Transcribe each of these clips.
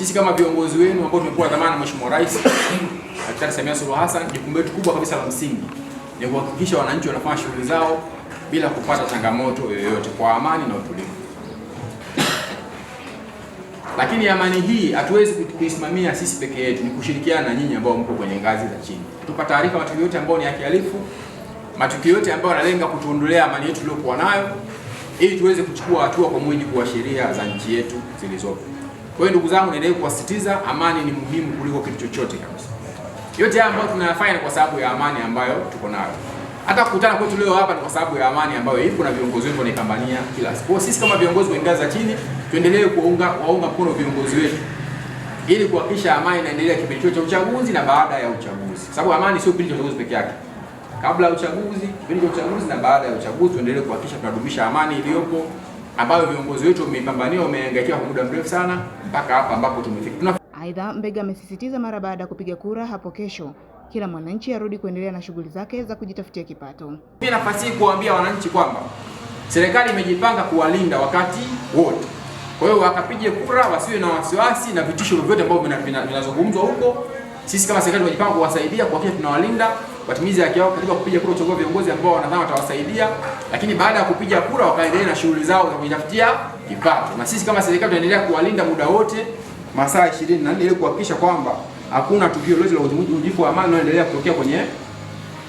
Sisi kama viongozi wenu ambao tumepewa dhamana Mheshimiwa Rais Daktari Samia Suluhu Hassan, jukumu letu kubwa kabisa la msingi ni kuhakikisha wananchi wanafanya shughuli zao bila kupata changamoto yoyote kwa amani na utulivu. Lakini amani hii hatuwezi kuisimamia sisi peke yetu, ni kushirikiana na nyinyi ambao mko kwenye ngazi za chini. Tupa taarifa matukio yote ambayo ni ya kihalifu, matukio yote ambayo yanalenga kutuondolea amani yetu tuliyokuwa nayo, ili tuweze kuchukua hatua kwa mujibu wa sheria za nchi yetu zilizopo. Kwa hiyo ndugu zangu, niendelee kuwasitiza, amani ni muhimu kuliko kitu chochote kabisa. Yote haya ambayo tunayafanya ni kwa sababu ya amani ambayo tuko nayo. Hata kukutana kwetu leo hapa ni kwa sababu ya amani ambayo ipo na viongozi wetu wanaipambania kila siku. Kwa sisi kama viongozi wa ngazi za chini tuendelee kuunga waunga mkono viongozi wetu ili kuhakikisha amani inaendelea kipindi cha uchaguzi na baada ya uchaguzi, kwa sababu amani sio kipindi cha uchaguzi peke yake. Kabla ya uchaguzi, kipindi cha uchaguzi na baada ya uchaguzi, tuendelee kuhakikisha tunadumisha amani iliyopo ambayo viongozi wetu wamepambania wameangaikia kwa muda mrefu sana mpaka hapa ambapo tumefika. Aidha, Mbega amesisitiza mara baada ya kupiga kura hapo kesho kila mwananchi arudi kuendelea na shughuli zake za kujitafutia kipato. Ni nafasi hii kuwaambia wananchi kwamba serikali imejipanga kuwalinda wakati wote, kwa hiyo wakapige kura, wasiwe na wasiwasi na vitisho vyovyote ambavyo vinazungumzwa huko. Sisi kama serikali tumejipanga kuwasaidia, kuhakikisha tunawalinda watimize haki yao katika kupiga kura, kuchagua viongozi ambao wanadhani watawasaidia, lakini baada ya kupiga kura wakaendelea na shughuli zao za kujitafutia kipato. Na sisi kama serikali tunaendelea kuwalinda muda wote masaa 24 ili kuhakikisha kwamba hakuna tukio lolote la uvunjifu wa amani linaloendelea kutokea kwenye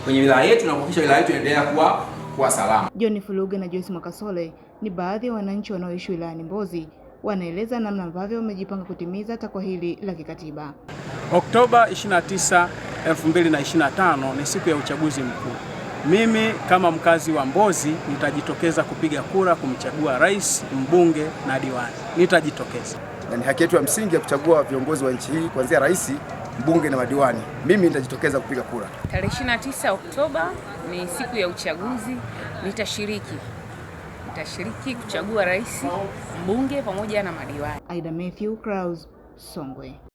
kwenye wilaya yetu na kuhakikisha wilaya yetu inaendelea kuwa kuwa salama. John Fuluge na Joyce Mwakasole ni baadhi ya wananchi wanaoishi wilayani Mbozi wanaeleza namna ambavyo wamejipanga kutimiza takwa hili la kikatiba. Oktoba 29 2025 ni siku ya uchaguzi mkuu. Mimi kama mkazi wa Mbozi nitajitokeza kupiga kura kumchagua rais, mbunge na diwani. Nitajitokeza na ni haki yetu ya msingi ya kuchagua viongozi wa nchi hii kuanzia rais, mbunge na madiwani. Mimi nitajitokeza kupiga kura. Tarehe 29 Oktoba ni siku ya uchaguzi, nitashiriki nitashiriki kuchagua rais, mbunge pamoja na madiwani. Aida Matthew Kraus, Songwe.